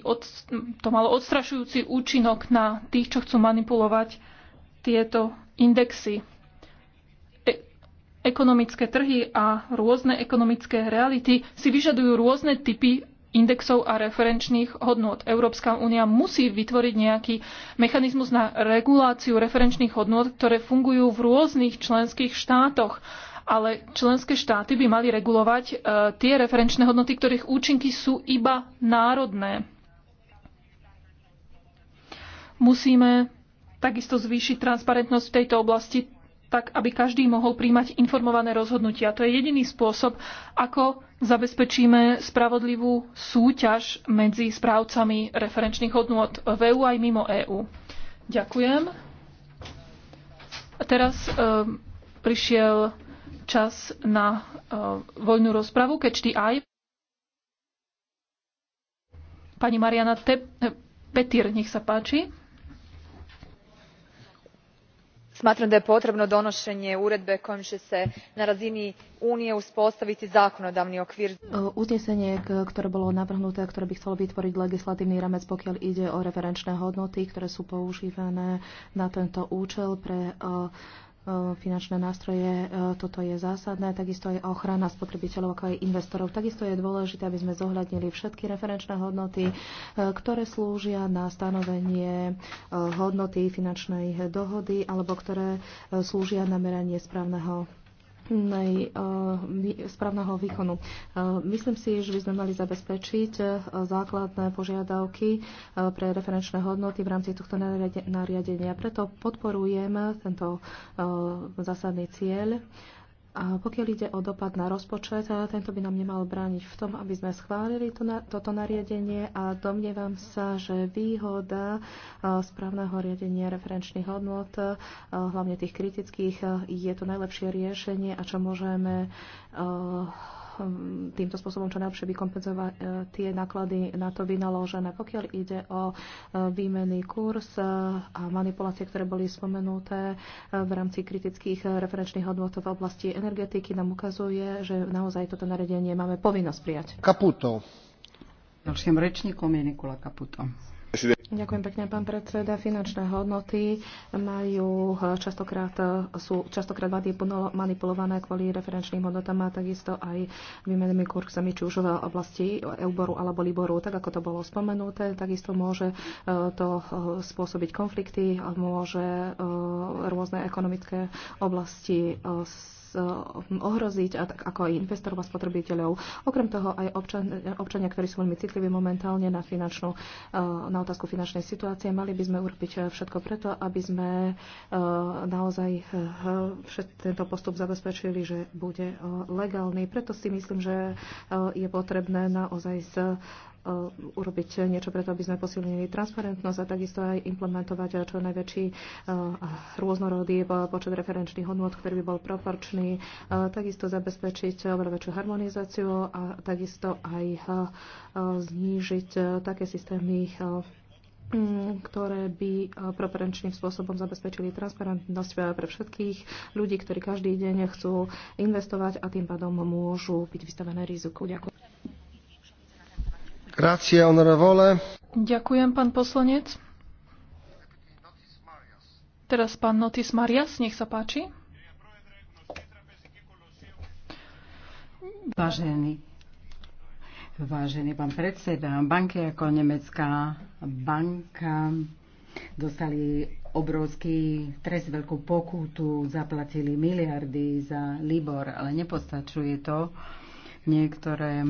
to malo odstrašujúci účinok na tých, čo chcú manipulovať tieto indexy. E- ekonomické trhy a rôzne ekonomické reality si vyžadujú rôzne typy indexov a referenčných hodnôt. Európska únia musí vytvoriť nejaký mechanizmus na reguláciu referenčných hodnôt, ktoré fungujú v rôznych členských štátoch ale členské štáty by mali regulovať e, tie referenčné hodnoty, ktorých účinky sú iba národné. Musíme takisto zvýšiť transparentnosť v tejto oblasti tak, aby každý mohol príjmať informované rozhodnutia. To je jediný spôsob, ako zabezpečíme spravodlivú súťaž medzi správcami referenčných hodnôt v EÚ aj mimo EÚ. Ďakujem. A teraz e, prišiel čas na uh, voľnú rozpravu, keď ty aj. Pani Mariana Te- Petir, nech sa páči. Smatram da je potrebno donošenje uredbe kojom će se na razini Unije uspostaviti zakonodavni okvir. E, uznesenie, ktoré bolo navrhnuté, ktoré by chcelo vytvoriť legislatívny ramec, pokiaľ ide o referenčné hodnoty, ktoré sú používané na tento účel pre uh, Eh, finančné nástroje, eh, toto je zásadné, takisto je ochrana spotrebiteľov ako aj investorov. Takisto je dôležité, aby sme zohľadnili všetky referenčné hodnoty, eh, ktoré slúžia na stanovenie hodnoty finančnej dohody alebo ktoré slúžia na meranie správneho Eh, správneho výkonu. Eh, myslím si, že by sme mali zabezpečiť eh, základné požiadavky pre referenčné hodnoty v rámci tohto nariadenia. Preto podporujem tento zásadný cieľ a pokiaľ ide o dopad na rozpočet, tento by nám nemal brániť v tom, aby sme schválili to na, toto nariadenie a domnievam sa, že výhoda správneho riadenia referenčných hodnot, hlavne tých kritických, je to najlepšie riešenie a čo môžeme týmto spôsobom čo najlepšie vykompenzovať e, tie náklady na to vynaložené. Pokiaľ ide o e, výmenný kurz e, a manipulácie, ktoré boli spomenuté v rámci kritických referenčných hodnot v oblasti energetiky, nám ukazuje, že naozaj toto nariadenie máme povinnosť prijať. Kaputo. Ďalším rečníkom je Nikola Kaputo. Ďakujem pekne, pán predseda. Finančné hodnoty majú eh, častokrát, eh, sú častokrát manipulované kvôli referenčným hodnotám a takisto aj výmenými kursami, či už v oblasti Euboru alebo Liboru. Tak ako to bolo spomenuté, takisto môže eh, to spôsobiť konflikty, môže rôzne ekonomické oblasti Eh, ohroziť, ako aj investorov a spotrebiteľov. Okrem toho aj občania, občania, ktorí sú veľmi citliví momentálne na, finančnú, eh, na otázku finančnej situácie, mali by sme urobiť eh, všetko preto, aby sme naozaj tento postup zabezpečili, že bude legálny. Preto si myslím, že je potrebné naozaj z Eh, urobiť niečo preto, aby sme posilnili transparentnosť a takisto aj implementovať eh, čo najväčší eh, rôznorodý počet referenčných hodnot, ktorý by bol proporčný, takisto zabezpečiť oveľa väčšiu harmonizáciu a takisto aj znížiť také systémy mm, ktoré by preferenčným spôsobom zabezpečili transparentnosť pre všetkých ľudí, ktorí každý deň chcú investovať a tým pádom môžu byť vystavené riziku. Ďakujem. Ďakujem, pán poslanec. Teraz pán Notis Marias, nech sa páči. Vážený Vážený pán predseda, banky ako Nemecká banka dostali obrovský trest, veľkú pokutu, zaplatili miliardy za Libor, ale nepostačuje to. Niektoré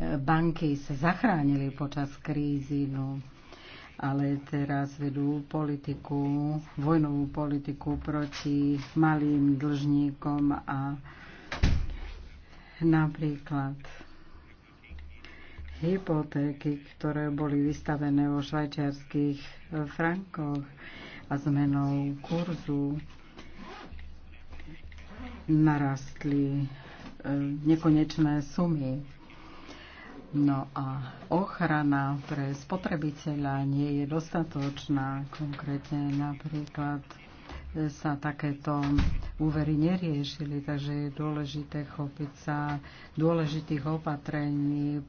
banky sa zachránili počas krízy, no, ale teraz vedú politiku, vojnovú politiku proti malým dlžníkom a napríklad hypotéky, ktoré boli vystavené vo švajčiarských frankoch a zmenou kurzu narastli e, nekonečné sumy No a ochrana pre spotrebiteľa nie je dostatočná. Konkrétne napríklad sa takéto úvery neriešili, takže je dôležité chopiť sa dôležitých opatrení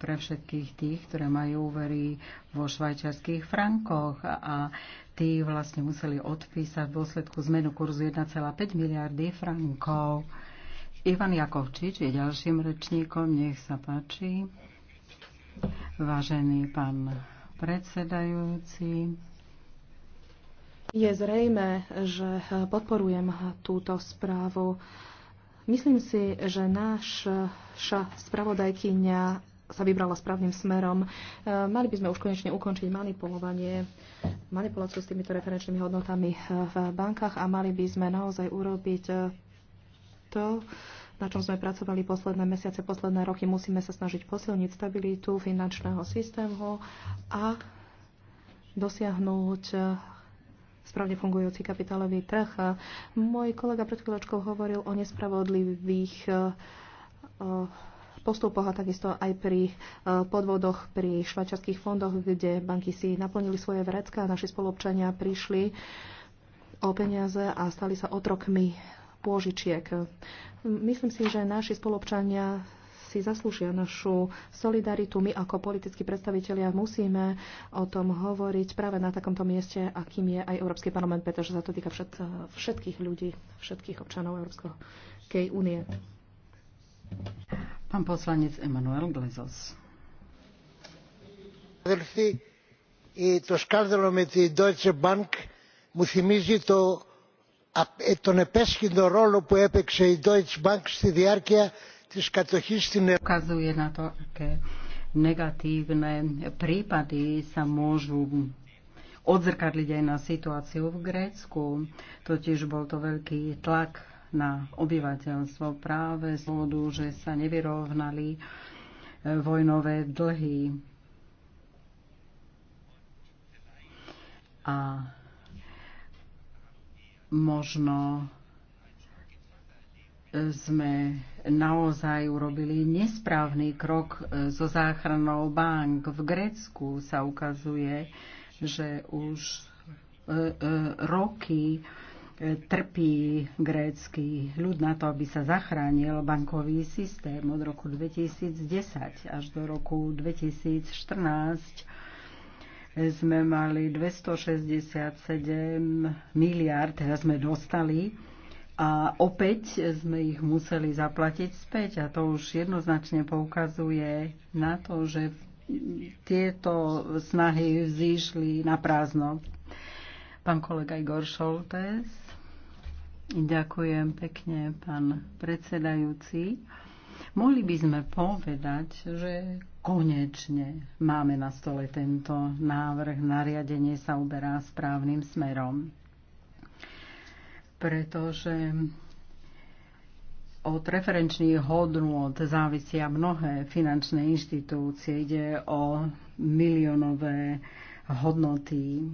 pre všetkých tých, ktoré majú úvery vo švajčiarských frankoch a tí vlastne museli odpísať v dôsledku zmenu kurzu 1,5 miliardy frankov. Ivan Jakovčič je ďalším rečníkom, nech sa páči. Vážený pán predsedajúci, je zrejme, že podporujem túto správu. Myslím si, že náša spravodajkyňa sa vybrala správnym smerom. Mali by sme už konečne ukončiť manipulovanie, manipuláciu s týmito referenčnými hodnotami v bankách a mali by sme naozaj urobiť to, na čom sme pracovali posledné mesiace, posledné roky. Musíme sa snažiť posilniť stabilitu finančného systému a dosiahnuť správne fungujúci kapitálový trh. Môj kolega pred chvíľočkou hovoril o nespravodlivých eh, postupoch a takisto aj pri eh, podvodoch pri švajčarských fondoch, kde banky si naplnili svoje vrecka a naši spolupčania prišli o peniaze a stali sa otrokmi pôžičiek. Myslím si, že naši spolupčania si zaslúžia našu solidaritu. My ako politickí predstavitelia musíme o tom hovoriť práve na takomto mieste, akým je aj Európsky parlament, pretože sa to týka všet, všetkých ľudí, všetkých občanov Európskej únie. Pán poslanec Emanuel Glezos. Αδελφοί, Deutsche Bank τον επέσχυντο ρόλο που έπαιξε η Deutsche Bank στη διάρκεια της κατοχής στην Ελλάδα. Negatívne prípady sa môžu odzrkadliť aj na situáciu v Grécku. Totiž bol to veľký tlak na obyvateľstvo práve z dôvodu, že sa nevyrovnali e, vojnové dlhy. A možno sme naozaj urobili nesprávny krok e, so záchranou bank. V Grécku sa ukazuje, že už e, e, roky trpí grécky ľud na to, aby sa zachránil bankový systém od roku 2010 až do roku 2014 sme mali 267 miliard, teraz sme dostali a opäť sme ich museli zaplatiť späť a to už jednoznačne poukazuje na to, že tieto snahy vzýšli na prázdno. Pán kolega Igor Šoltes. Ďakujem pekne, pán predsedajúci. Mohli by sme povedať, že konečne máme na stole tento návrh. Nariadenie sa uberá správnym smerom, pretože od referenčných hodnôt závisia mnohé finančné inštitúcie. Ide o miliónové hodnoty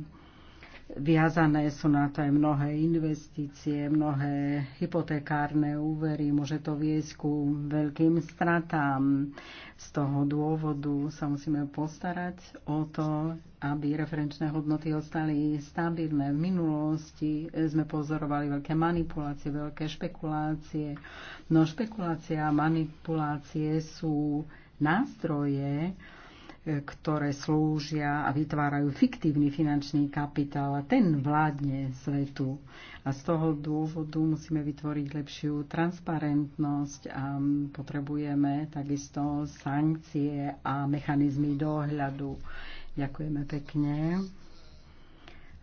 Viazané sú na to aj mnohé investície, mnohé hypotekárne úvery, môže to viesť ku veľkým stratám. Z toho dôvodu sa musíme postarať o to, aby referenčné hodnoty ostali stabilné. V minulosti sme pozorovali veľké manipulácie, veľké špekulácie. No špekulácia a manipulácie sú nástroje, ktoré slúžia a vytvárajú fiktívny finančný kapitál a ten vládne svetu. A z toho dôvodu musíme vytvoriť lepšiu transparentnosť a potrebujeme takisto sankcie a mechanizmy dohľadu. Ďakujeme pekne.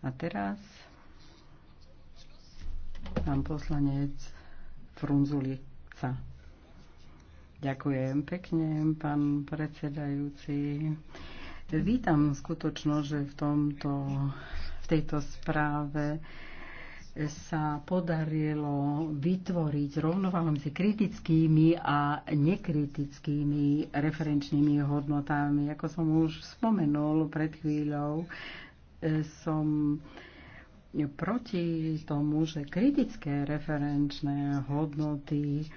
A teraz pán poslanec Frunzulica. Ďakujem pekne, pán predsedajúci. Vítam skutočnosť, že v, tomto, v tejto správe sa podarilo vytvoriť rovnováhu medzi kritickými a nekritickými referenčnými hodnotami. Ako som už spomenul pred chvíľou, som proti tomu, že kritické referenčné hodnoty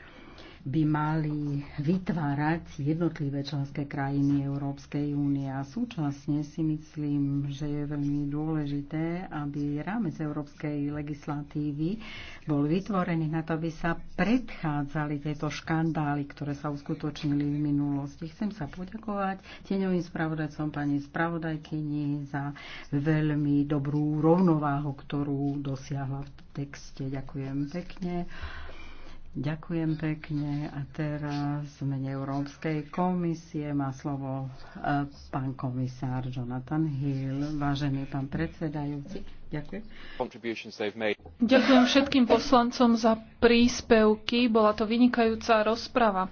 by mali vytvárať jednotlivé členské krajiny Európskej únie. A súčasne si myslím, že je veľmi dôležité, aby rámec európskej legislatívy bol vytvorený na to, aby sa predchádzali tieto škandály, ktoré sa uskutočnili v minulosti. Chcem sa poďakovať tieňovým spravodajcom pani spravodajkyni za veľmi dobrú rovnováhu, ktorú dosiahla v texte. Ďakujem pekne. Ďakujem pekne. A teraz v mene Európskej komisie má slovo eh, pán komisár Jonathan Hill. Vážený pán predsedajúci, ďakujem. Ďakujem všetkým poslancom za príspevky. Bola to vynikajúca rozprava.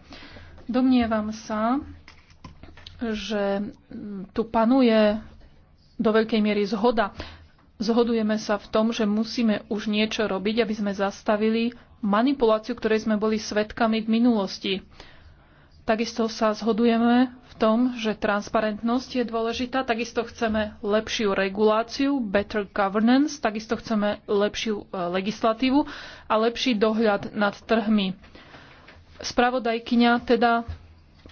Domnievam sa, že mm, tu panuje do veľkej miery zhoda. Zhodujeme sa v tom, že musíme už niečo robiť, aby sme zastavili manipuláciu, ktorej sme boli svetkami v minulosti. Takisto sa zhodujeme v tom, že transparentnosť je dôležitá, takisto chceme lepšiu reguláciu, better governance, takisto chceme lepšiu e, legislatívu a lepší dohľad nad trhmi. Spravodajkyňa teda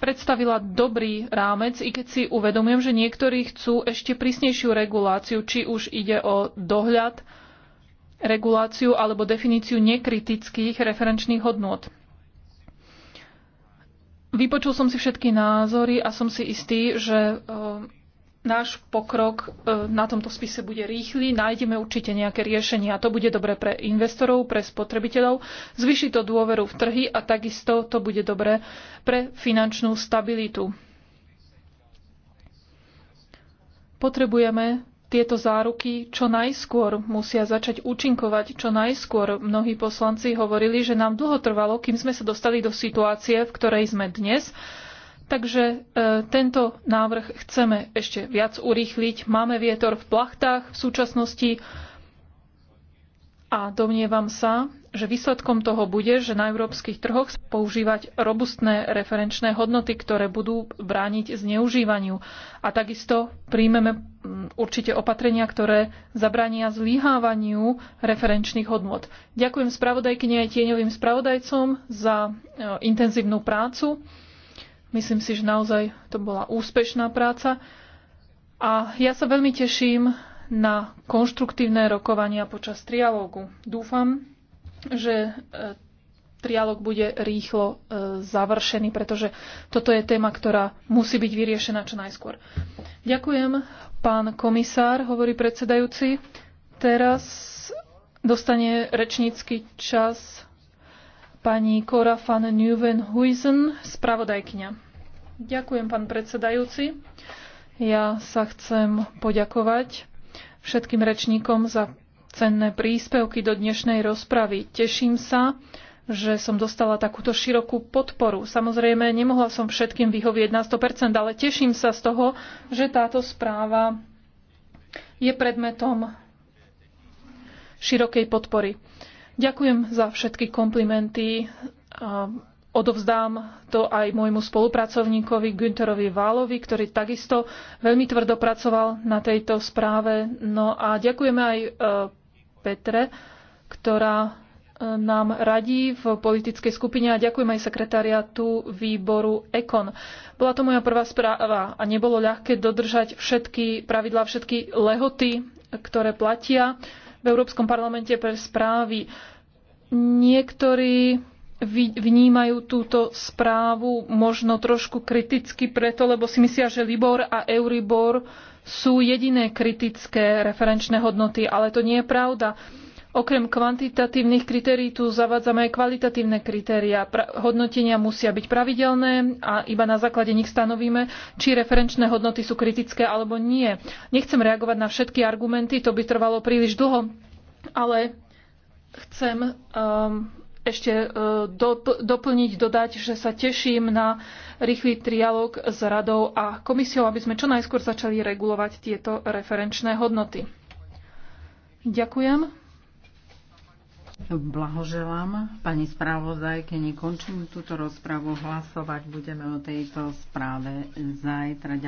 predstavila dobrý rámec, i keď si uvedomujem, že niektorí chcú ešte prísnejšiu reguláciu, či už ide o dohľad reguláciu alebo definíciu nekritických referenčných hodnôt. Vypočul som si všetky názory a som si istý, že e, náš pokrok e, na tomto spise bude rýchly, nájdeme určite nejaké riešenie a to bude dobre pre investorov, pre spotrebiteľov, zvyši to dôveru v trhy a takisto to bude dobre pre finančnú stabilitu. Potrebujeme tieto záruky čo najskôr musia začať účinkovať čo najskôr. Mnohí poslanci hovorili, že nám dlho trvalo, kým sme sa dostali do situácie, v ktorej sme dnes. Takže e, tento návrh chceme ešte viac urýchliť. Máme vietor v plachtách v súčasnosti a domnievam sa, že výsledkom toho bude, že na európskych trhoch sa používať robustné referenčné hodnoty, ktoré budú brániť zneužívaniu. A takisto príjmeme mm, určite opatrenia, ktoré zabránia zlyhávaniu referenčných hodnot. Ďakujem spravodajkyni aj tieňovým spravodajcom za e, intenzívnu prácu. Myslím si, že naozaj to bola úspešná práca. A ja sa veľmi teším na konštruktívne rokovania počas trialógu. Dúfam, že e, trialog bude rýchlo e, završený, pretože toto je téma, ktorá musí byť vyriešená čo najskôr. Ďakujem, pán komisár, hovorí predsedajúci. Teraz dostane rečnícky čas pani Cora van Nieuwenhuizen, spravodajkňa. Ďakujem, pán predsedajúci. Ja sa chcem poďakovať všetkým rečníkom za cenné príspevky do dnešnej rozpravy. Teším sa, že som dostala takúto širokú podporu. Samozrejme, nemohla som všetkým vyhovieť na 100%, ale teším sa z toho, že táto správa je predmetom širokej podpory. Ďakujem za všetky komplimenty. Odovzdám to aj môjmu spolupracovníkovi Günterovi Válovi, ktorý takisto veľmi tvrdo pracoval na tejto správe. No a ďakujeme aj e, Petre, ktorá e, nám radí v politickej skupine a ďakujem aj sekretariatu výboru EKON. Bola to moja prvá správa a nebolo ľahké dodržať všetky pravidlá, všetky lehoty, ktoré platia v Európskom parlamente pre správy. Niektorí vnímajú túto správu možno trošku kriticky preto, lebo si myslia, že Libor a Euribor sú jediné kritické referenčné hodnoty, ale to nie je pravda. Okrem kvantitatívnych kritérií tu zavádzame aj kvalitatívne kritéria. hodnotenia musia byť pravidelné a iba na základe nich stanovíme, či referenčné hodnoty sú kritické alebo nie. Nechcem reagovať na všetky argumenty, to by trvalo príliš dlho, ale chcem um, ešte e, doplniť, dodať, že sa teším na rýchly trialog s radou a komisiou, aby sme čo najskôr začali regulovať tieto referenčné hodnoty. Ďakujem. Blahoželám pani keď nekončím túto rozpravu. Hlasovať budeme o tejto správe zajtra.